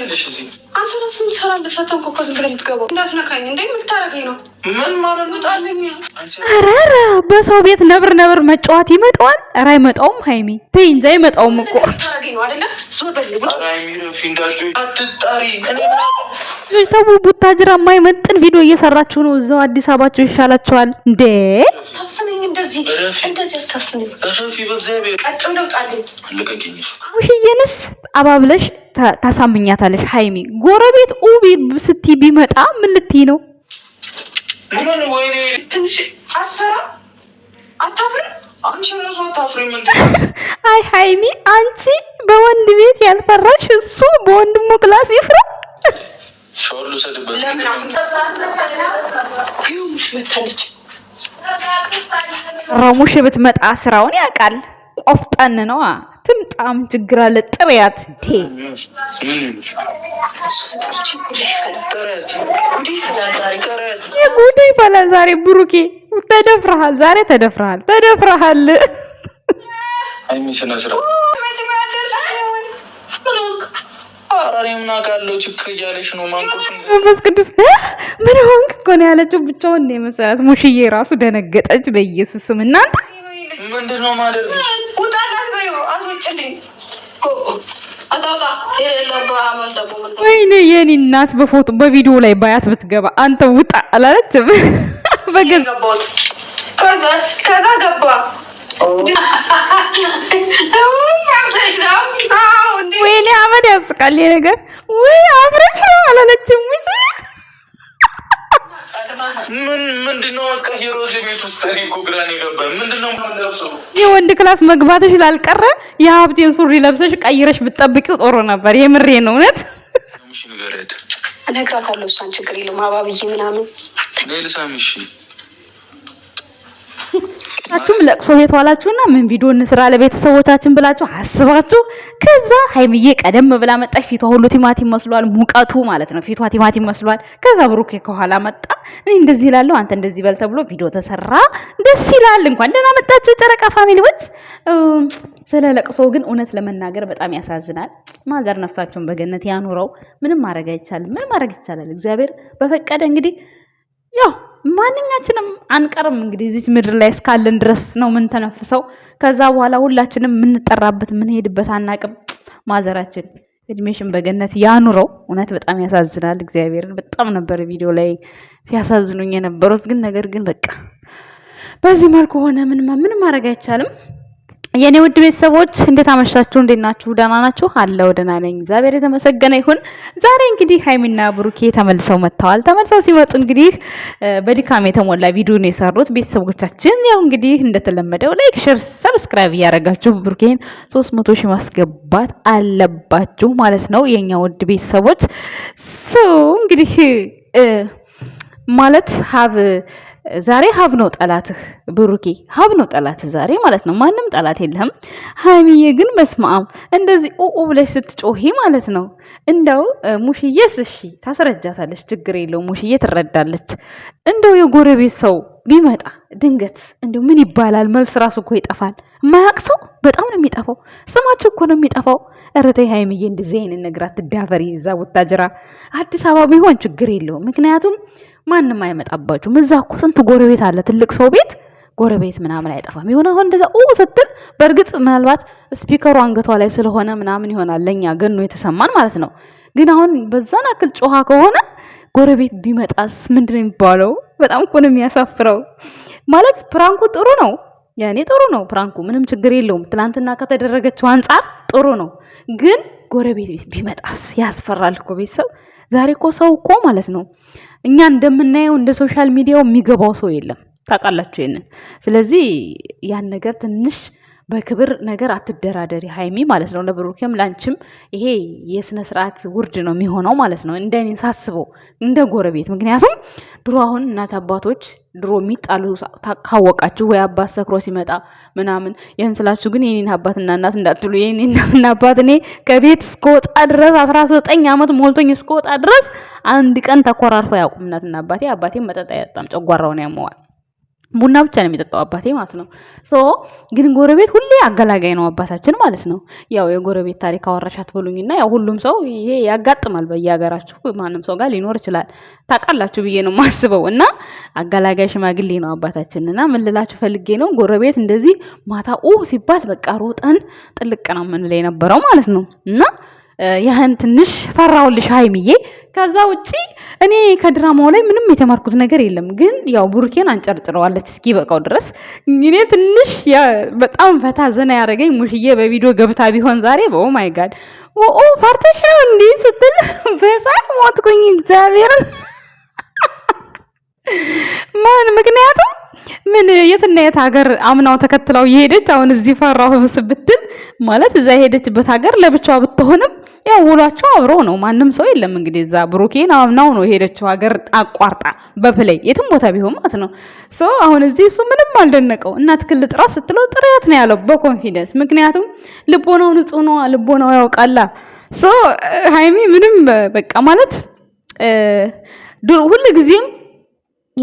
ይኸውልሽ፣ እዚህ አንተ እራስህ ምን ትሰራለህ? ሳታውቅ እኮ ዝም ብለህ የምትገባው እንዳትነካኝ እንደ የምታደርገኝ ነው። ምን ማለት ነው? ኧረ በሰው ቤት ነብር ነብር መጫወት ይመጣዋል። ኧረ አይመጣውም። ሃይሚ ተይ እንጂ አይመጣውም እኮ ተው። ቡታጅራ የማይመጥን ቪዲዮ እየሰራችሁ ነው። እዛው አዲስ አበባችሁ ይሻላችኋል እንዴ? ውሽዬንስ አባብለሽ ታሳምኛታለሽ። ሀይሚ ጎረቤት ኡቢ ስቲ ቢመጣ ምን ልትይ ነው? አይ ሀይሚ አንቺ በወንድ ቤት ያልፈራሽ እሱ በወንድሙ ክላስ ይፍራ። ረሙሽ ብትመጣ ስራውን ያውቃል። ቆፍጠን ነዋ። አትምጣም፣ ችግር አለ ጥሪያት እንዴ የጉዴ ፈላ። ዛሬ ብሩኬ ተደፍረሃል፣ ዛሬ ተደፍረሃል፣ ተደፍረሃል። መንፈስ ቅዱስ ምን ሆንክ እኮ ነው ያለችው። ብቻውን ነው የመሰላት። ሙሽዬ ራሱ ደነገጠች። በኢየሱስም እናንተ ምንድን ነው ማለት ነው? ወይኔ የኔ እናት በፎቶ በቪዲዮ ላይ ባያት ብትገባ አንተ ውጣ አላለችም። ከዛ ገባ ወይኔ አመድ ያስቃል ነገር ወይ አብረሽ አላለችም። የወንድ ክላስ መግባትሽ ላልቀረ የሀብቴን ሱሪ ለብሰሽ ቀይረሽ ብትጠብቂው ጦሮ ነበር። የምሬ ነው። እውነት እነግራታለሁ። እሷን ችግር የለም አባብዬ ምናምን ሁላችሁም ለቅሶ ቤት ዋላችሁና ምን ቪዲዮ እንስራ ለቤተሰቦቻችን ብላችሁ አስባችሁ፣ ከዛ ሀይምዬ ቀደም ብላ መጣች። ፊቷ ሁሉ ቲማቲም መስሏል፣ ሙቀቱ ማለት ነው። ፊቷ ቲማቲም መስሏል። ከዛ ብሩኬ ከኋላ መጣ። እኔ እንደዚህ እላለሁ፣ አንተ እንደዚህ በል ተብሎ ቪዲዮ ተሰራ። ደስ ይላል። እንኳን ደህና መጣችሁ ጨረቃ ፋሚሊዎች። ስለ ለቅሶ ግን እውነት ለመናገር በጣም ያሳዝናል። ማዘር ነፍሳቸውን በገነት ያኑረው። ምንም ማድረግ አይቻልም። ምንም ማድረግ ይቻላል? እግዚአብሔር በፈቀደ እንግዲህ ያው ማንኛችንም አንቀርም እንግዲህ እዚች ምድር ላይ እስካለን ድረስ ነው የምንተነፍሰው። ከዛ በኋላ ሁላችንም የምንጠራበት የምንሄድበት አናቅም። ማዘራችን እድሜሽን በገነት ያኑረው። እውነት በጣም ያሳዝናል። እግዚአብሔርን በጣም ነበር ቪዲዮ ላይ ሲያሳዝኑኝ የነበሩት ግን ነገር ግን በቃ በዚህ መልኩ ሆነ። ምን ማድረግ አይቻልም። የኔ ውድ ቤተሰቦች እንዴት አመሻችሁ? እንዴት ናችሁ? ደህና ናችሁ? አለው ደህና ነኝ፣ እግዚአብሔር የተመሰገነ ይሁን። ዛሬ እንግዲህ ሀይሚና ብሩኬ ተመልሰው መጥተዋል። ተመልሰው ሲመጡ እንግዲህ በድካም የተሞላ ቪዲዮ ነው የሰሩት። ቤተሰቦቻችን ያው እንግዲህ እንደተለመደው ላይክ፣ ሼር፣ ሰብስክራይብ እያደረጋችሁ ብሩኬን 300 ሺህ ማስገባት አለባችሁ ማለት ነው የኛ ውድ ቤተሰቦች እንግዲህ ማለት ሀብ ዛሬ ሀብ ነው ጠላትህ፣ ብሩኬ ሀብ ነው ጠላትህ ዛሬ ማለት ነው። ማንም ጠላት የለህም። ሀይሚዬ ግን በስማም እንደዚህ ኦኦ ብለሽ ስትጮሂ ማለት ነው። እንደው ሙሽዬስ እሺ ታስረጃታለች፣ ችግር የለው ሙሽዬ ትረዳለች። እንደው የጎረቤት ሰው ቢመጣ ድንገት እንደው ምን ይባላል? መልስ ራሱ እኮ ይጠፋል። የማያውቅ ሰው በጣም ነው የሚጠፋው። ስማቸው እኮ ነው የሚጠፋው። እረተይ ሀይምዬ እንደዚህ አይነት ነገር አትዳፈሪ። እዛ ወታጀራ አዲስ አበባ ቢሆን ችግር የለውም ምክንያቱም ማንም አይመጣባችሁም። እዛ እኮ ስንት ጎረቤት አለ፣ ትልቅ ሰው ቤት ጎረቤት ምናምን አይጠፋም። የሆነ አሁን እንደዛ ስትል በእርግጥ ምናልባት ስፒከሩ አንገቷ ላይ ስለሆነ ምናምን ይሆናል ለእኛ ገኖ የተሰማን ማለት ነው። ግን አሁን በዛን አክል ጮሃ ከሆነ ጎረቤት ቢመጣስ ምንድን ነው የሚባለው? በጣም እኮ ነው የሚያሳፍረው። ማለት ፕራንኩ ጥሩ ነው ያኔ ጥሩ ነው ፕራንኩ፣ ምንም ችግር የለውም። ትናንትና ከተደረገችው አንጻር ጥሩ ነው። ግን ጎረቤት ቤት ቢመጣስ ያስፈራል እኮ ቤተሰብ። ዛሬ እኮ ሰው እኮ ማለት ነው እኛ እንደምናየው እንደ ሶሻል ሚዲያው የሚገባው ሰው የለም። ታውቃላችሁ ይሄንን። ስለዚህ ያን ነገር ትንሽ በክብር ነገር አትደራደሪ ሀይሚ ማለት ነው። ለብሩኬም ላንችም ይሄ የስነ ስርዓት ውርድ ነው የሚሆነው ማለት ነው፣ እንደ እኔ ሳስበው እንደ ጎረቤት። ምክንያቱም ድሮ አሁን እናት አባቶች ድሮ የሚጣሉ ካወቃችሁ ወይ አባት ሰክሮ ሲመጣ ምናምን ይህን ስላችሁ ግን የኔን አባትና እናት እንዳትሉ። የኔን አባት እኔ ከቤት እስከወጣ ድረስ አስራ ዘጠኝ ዓመት ሞልቶኝ እስከወጣ ድረስ አንድ ቀን ተኮራርፈው ያውቁም እናትና አባቴ። አባቴ መጠጥ አያጣም፣ ጨጓራውን ያመዋል። ቡና ብቻ ነው የሚጠጣው አባቴ ማለት ነው። ሶ ግን ጎረቤት ሁሌ አገላጋይ ነው አባታችን ማለት ነው። ያው የጎረቤት ታሪክ አወራሻት ብሉኝና ያው ሁሉም ሰው ይሄ ያጋጥማል። በየሀገራችሁ ማንም ሰው ጋር ሊኖር ይችላል። ታውቃላችሁ ብዬ ነው ማስበው። እና አገላጋይ ሽማግሌ ነው አባታችን። እና ምን ልላችሁ ፈልጌ ነው ጎረቤት እንደዚህ ማታ ኡ ሲባል በቃ ሮጠን ጥልቅ ነው የምንለው የነበረው ማለት ነው እና ያህን ትንሽ ፈራውልሽ ሀይሚዬ። ከዛ ውጪ እኔ ከድራማው ላይ ምንም የተማርኩት ነገር የለም። ግን ያው አንጨርጭረዋለች አንጨርጭረዋለት በቃው ድረስ እኔ ትንሽ በጣም ፈታ ዘና ያደረገኝ ሙሽዬ በቪዲዮ ገብታ ቢሆን ዛሬ በኦ ማይ ጋድ ኦ ፓርቴሽ ነው እንዲህ ስትል በሳቅ ሞትኩኝ። እግዚአብሔርን ማን ምክንያቱም ምን የትና የት ሀገር አምናው ተከትለው የሄደች አሁን እዚህ ፈራሁ ስብትል ማለት እዛ የሄደችበት ሀገር ለብቻዋ ብትሆንም ያው ውሏቸው አብሮ ነው። ማንም ሰው የለም እንግዲህ እዛ ብሩኬን አምናው ነው የሄደችው ሀገር አቋርጣ በፕሌይ የትም ቦታ ቢሆን ማለት ነው። አሁን እዚህ እሱ ምንም አልደነቀው። እናት ክል ጥራ ስትለው ጥሪያት ነው ያለው በኮንፊደንስ ምክንያቱም ልቦናው ንጹህ ነው፣ ልቦናው ያውቃላ። ሶ ሃይሚ ምንም በቃ ማለት ሁልጊዜም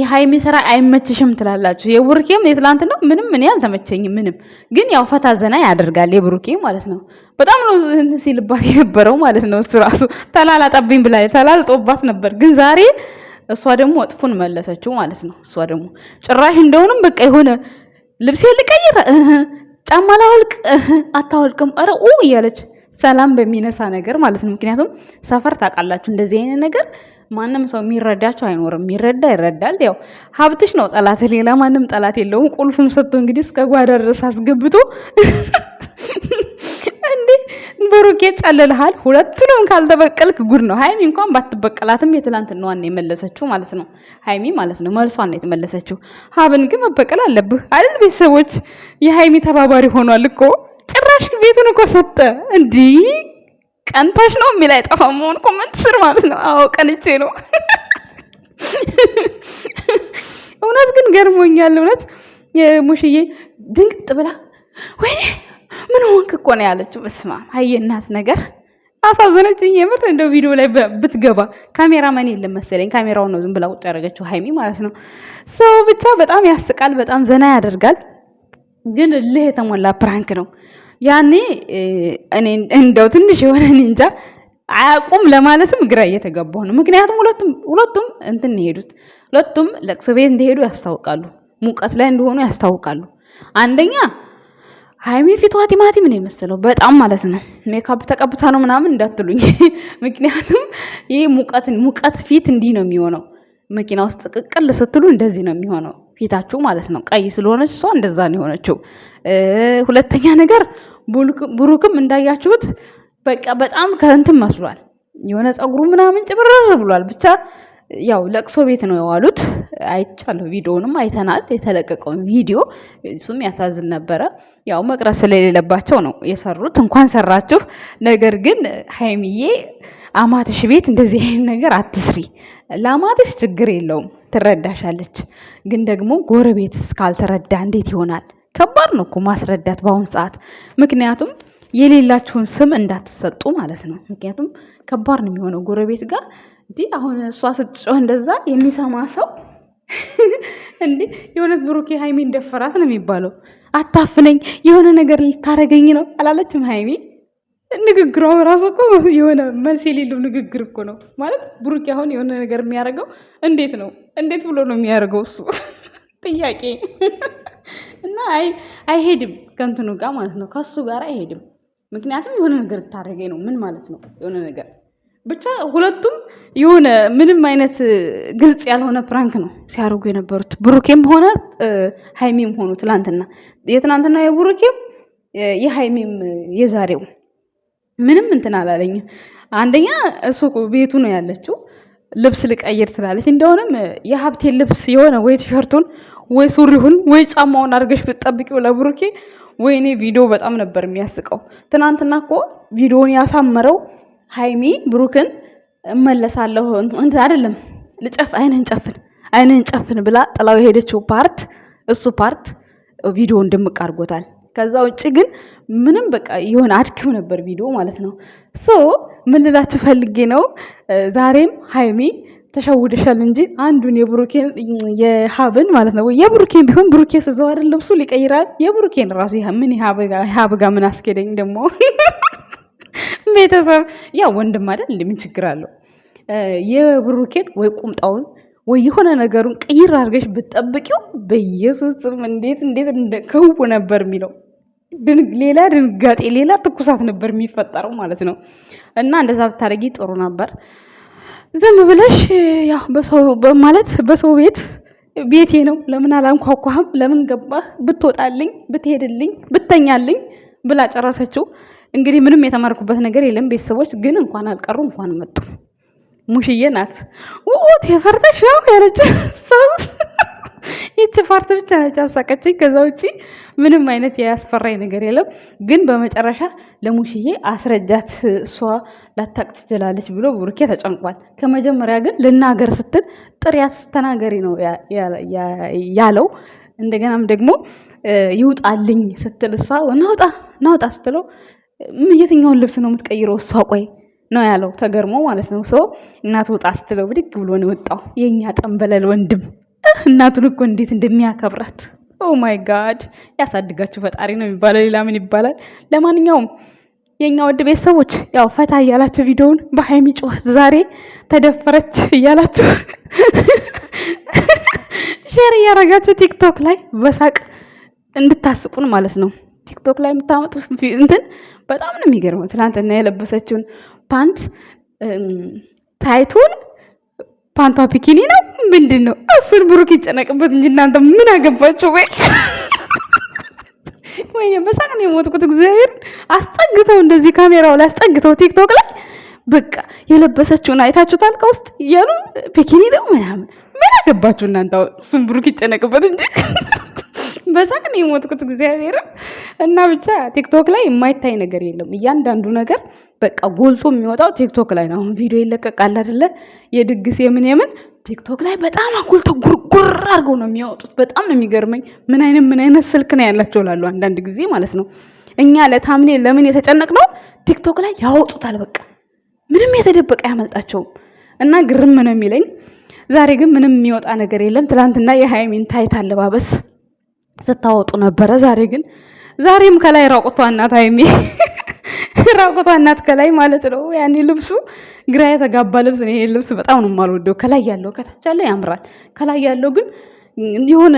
የሀይሚ ስራ አይመችሽም ትላላችሁ። የብሩኬም ነው ምንም እኔ አልተመቸኝም። ምንም ግን ያው ፈታ ዘና ያደርጋል የብሩኬ ማለት ነው። በጣም ነው ሲልባት የነበረው ማለት ነው። እሱ ራሱ ተላላጠብኝ ብላ ተላልጦባት ነበር፣ ግን ዛሬ እሷ ደግሞ እጥፉን መለሰችው ማለት ነው። እሷ ደግሞ ጭራሽ እንደሆንም በቃ የሆነ ልብሴ ልቀይር፣ ጫማ ላወልቅ፣ አታወልቅም ረ እያለች ሰላም በሚነሳ ነገር ማለት ነው። ምክንያቱም ሰፈር ታውቃላችሁ እንደዚህ አይነት ነገር ማንም ሰው የሚረዳቸው አይኖርም። የሚረዳ ይረዳል። ያው ሀብትሽ ነው ጠላት፣ ሌላ ማንም ጠላት የለውም። ቁልፉም ሰጥቶ እንግዲህ እስከ ጓዳ ድረስ አስገብቶ እንዴ ብሩኬ ጨልልሃል። ሁለቱንም ካልተበቀልክ ጉድ ነው። ሀይሚ እንኳን ባትበቀላትም የትላንትናዋን ነው የመለሰችው ማለት ነው። ሀይሚ ማለት ነው መልሷን ነው የተመለሰችው። ሀብን ግን መበቀል አለብህ አይደል? ቤተሰቦች የሀይሚ ተባባሪ ሆኗል እኮ ጭራሽ ቤቱን እኮ ሰጠ እንዲህ ቀንታሽ ነው የሚል አይጠፋም። መሆን ኮመንት ስር ማለት ነው። አዎ ቀንቼ ነው። እውነት ግን ገርሞኛል። እውነት ሙሽዬ ድንቅጥ ብላ ወይኔ ምን ሆንክ እኮ ነው ያለችው። በስማ አብ አየናት ነገር አሳዘነችኝ። የምር እንደው ቪዲዮ ላይ ብትገባ ካሜራማን የለም መሰለኝ፣ ካሜራውን ነው ዝም ብላ ቁጭ ያደረገችው ሀይሚ ማለት ነው። ሰው ብቻ በጣም ያስቃል፣ በጣም ዘና ያደርጋል። ግን እልህ የተሞላ ፕራንክ ነው። ያኔ እኔ እንደው ትንሽ የሆነ እንጃ አያውቁም ለማለትም ግራ እየተገባሁ ነው። ምክንያቱም ሁለቱም ሁለቱም እንትን የሄዱት ሁለቱም ለቅሶ ቤት እንደሄዱ ያስታውቃሉ፣ ሙቀት ላይ እንደሆኑ ያስታውቃሉ። አንደኛ ሀይሜ ፊቷ ቲማቲም ነው የመሰለው በጣም ማለት ነው። ሜካፕ ተቀብታ ነው ምናምን እንዳትሉኝ። ምክንያቱም ይህ ሙቀት ሙቀት ፊት እንዲህ ነው የሚሆነው። መኪና ውስጥ ቅቅል ስትሉ እንደዚህ ነው የሚሆነው። ፊታችሁ ማለት ነው። ቀይ ስለሆነች እሷ እንደዛ ነው የሆነችው። ሁለተኛ ነገር ብሩክም እንዳያችሁት በቃ በጣም ከእንትን መስሏል። የሆነ ፀጉሩ ምናምን ጭብርር ብሏል። ብቻ ያው ለቅሶ ቤት ነው የዋሉት። አይቻለሁ፣ ቪዲዮንም አይተናል፣ የተለቀቀውን ቪዲዮ። እሱም ያሳዝን ነበረ። ያው መቅረት ስለሌለባቸው ነው የሰሩት። እንኳን ሰራችሁ። ነገር ግን ሀይሚዬ አማትሽ ቤት እንደዚህ አይነት ነገር አትስሪ። ለአማትሽ ችግር የለውም ትረዳሻለች። ግን ደግሞ ጎረቤት እስካልተረዳ እንዴት ይሆናል? ከባድ ነው እኮ ማስረዳት በአሁኑ ሰዓት። ምክንያቱም የሌላችሁን ስም እንዳትሰጡ ማለት ነው። ምክንያቱም ከባድ ነው የሚሆነው ጎረቤት ጋር እንዲህ አሁን እሷ ስትጮህ እንደዛ የሚሰማ ሰው እንዴ የእውነት ብሩኬ ሀይሚ እንደፈራት ነው የሚባለው። አታፍነኝ፣ የሆነ ነገር ልታረገኝ ነው አላለችም ሀይሚ ንግግሯ ራሱ እኮ የሆነ መልስ የሌለው ንግግር እኮ ነው ማለት። ብሩክ አሁን የሆነ ነገር የሚያደርገው እንዴት ነው? እንዴት ብሎ ነው የሚያደርገው? እሱ ጥያቄ እና አይሄድም ከንትኑ ጋር ማለት ነው፣ ከሱ ጋር አይሄድም። ምክንያቱም የሆነ ነገር ታደርገኝ ነው ምን ማለት ነው? የሆነ ነገር ብቻ ሁለቱም የሆነ ምንም አይነት ግልጽ ያልሆነ ፕራንክ ነው ሲያደርጉ የነበሩት ብሩኬም ሆነ ሀይሜም ሆኑ ትላንትና የትናንትና የብሩኬም የሀይሜም የዛሬው ምንም እንትን አላለኝም። አንደኛ እሱ ቤቱ ነው ያለችው። ልብስ ልቀይር ትላለች። እንደሆነም የሀብቴ ልብስ የሆነ ወይ ቲሸርቱን ወይ ሱሪሁን ወይ ጫማውን አድርገሽ ብትጠብቂው ለብሩኬ ወይኔ ቪዲዮ በጣም ነበር የሚያስቀው። ትናንትና እኮ ቪዲዮን ያሳመረው ሀይሚ ብሩክን እመለሳለሁ እንትን አይደለም ልጨፍ አይንህን ጨፍን አይንህን ጨፍን ብላ ጥላው የሄደችው ፓርት እሱ ፓርት ቪዲዮ እንድምቅ አድርጎታል። ከዛ ውጭ ግን ምንም በቃ የሆነ አድክም ነበር ቪዲዮ ማለት ነው። ሶ ምን ልላችሁ ፈልጌ ነው ዛሬም ሀይሚ ተሸውደሻል እንጂ አንዱን የብሩኬን የሀብን ማለት ነው የብሩኬን ቢሆን ብሩኬ ስዘው አይደል ልብሱ ሊቀይራል። የብሩኬን ራሱ ምን ሀብ ጋ ምን አስኬደኝ ደግሞ ቤተሰብ ያው ወንድም አይደል እንደምን ችግር አለው። የብሩኬን ወይ ቁምጣውን ወይ የሆነ ነገሩን ቀይር አድርገሽ ብትጠብቂው በኢየሱስም እንዴት እንዴት ከው ነበር የሚለው ሌላ ድንጋጤ፣ ሌላ ትኩሳት ነበር የሚፈጠረው ማለት ነው። እና እንደዛ ብታደርጊ ጥሩ ነበር። ዝም ብለሽ ያው በሰው ማለት በሰው ቤት ቤቴ ነው ለምን አላንኳኳህም ለምን ገባህ ብትወጣልኝ ብትሄድልኝ ብተኛልኝ ብላ ጨረሰችው። እንግዲህ ምንም የተማርኩበት ነገር የለም። ቤተሰቦች ግን እንኳን አልቀሩ እንኳን መጡ። ሙሽዬ ናት ውት የፈርተሽ ነው ያለች ይቺ ፓርት ብቻ ነች ያሳቀችኝ። ከዛ ውጪ ምንም አይነት ያስፈራኝ ነገር የለም። ግን በመጨረሻ ለሙሽዬ አስረጃት እሷ ላታቅ ትችላለች ብሎ ብሩኬ ተጨንቋል። ከመጀመሪያ ግን ልናገር ስትል ጥሪያት ተናገሪ ነው ያለው። እንደገናም ደግሞ ይውጣልኝ ስትል እሷ ናውጣ ናውጣ ስትለው የትኛውን ልብስ ነው የምትቀይረው እሷ ቆይ ነው ያለው። ተገርሞ ማለት ነው ሰው እናት ውጣ ስትለው ብድግ ብሎ ነው የወጣው የእኛ ጠንበለል ወንድም እናቱን እኮ እንዴት እንደሚያከብራት ኦ ማይ ጋድ ያሳድጋችሁ ፈጣሪ ነው የሚባለው። ሌላ ምን ይባላል? ለማንኛውም የእኛ ውድ ቤተሰቦች ያው ፈታ እያላችሁ ቪዲዮውን በሀይሚ ጩኸት ዛሬ ተደፈረች እያላችሁ ሼር እያረጋችሁ ቲክቶክ ላይ በሳቅ እንድታስቁን ማለት ነው። ቲክቶክ ላይ የምታመጡ እንትን በጣም ነው የሚገርመው። ትናንትና የለበሰችውን ፓንት ታይቱን ፓንቷ ፒኪኒ ነው ምንድን ነው? እሱን ብሩክ ይጨነቅበት እንጂ እናንተ ምን አገባቸው? ወይ ወይ በሳቅ ነው የሞትኩት። እግዚአብሔር አስጠግተው እንደዚህ ካሜራው ላይ አስጠግተው ቲክቶክ ላይ በቃ የለበሰችውን አይታችሁታል። ከውስጥ እያሉ ፒኪኒ ነው ምናምን ምን አገባችሁ እናንተ? እሱን ብሩክ ይጨነቅበት እንጂ በሳቅ ነው የሞትኩት። እግዚአብሔርም እና ብቻ ቲክቶክ ላይ የማይታይ ነገር የለም። እያንዳንዱ ነገር በቃ ጎልቶ የሚወጣው ቲክቶክ ላይ ነው። አሁን ቪዲዮ ይለቀቃል አይደለ? የድግስ የምን የምን ቲክቶክ ላይ በጣም አጉልቶ ጉርጉር አድርገው ነው የሚያወጡት። በጣም ነው የሚገርመኝ። ምን አይነት ምን አይነት ስልክ ነው ያላቸው ላሉ አንዳንድ ጊዜ ማለት ነው። እኛ ለታምኔ ለምን የተጨነቅ ነው ቲክቶክ ላይ ያወጡታል። በቃ ምንም የተደበቀ አያመልጣቸውም። እና ግርም ነው የሚለኝ። ዛሬ ግን ምንም የሚወጣ ነገር የለም። ትላንትና የሀይሚን ታይት አለባበስ ስታወጡ ነበረ። ዛሬ ግን ዛሬም ከላይ ራቁቷ እናት ሃይሚ ራቁቷ እናት ከላይ ማለት ነው። ያኔ ልብሱ ግራ የተጋባ ልብስ ነው። ይሄ ልብስ በጣም ነው የማልወደው። ከላይ ያለው ከታች ያለው ያምራል። ከላይ ያለው ግን የሆነ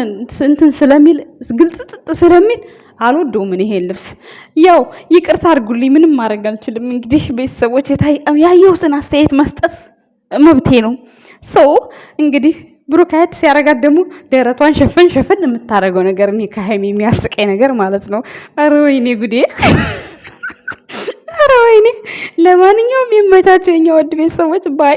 እንትን ስለሚል ግልጥጥጥ ስለሚል አልወደውም። ምን ይሄን ልብስ ያው ይቅርታ አድርጉልኝ፣ ምንም ማድረግ አልችልም። እንግዲህ ቤተሰቦች ያየሁትን አስተያየት መስጠት መብቴ ነው። ሰው እንግዲህ ብሩካየት ሲያረጋት ደግሞ ደረቷን ሸፈን ሸፈን የምታደርገው ነገር እኔ ከሀይሚ የሚያስቀኝ ነገር ማለት ነው። ኧረ ወይኔ ጉዴ ኧረ ወይኔ! ለማንኛውም ይመቻቸው የኛ ወድ ቤተሰቦች ባይ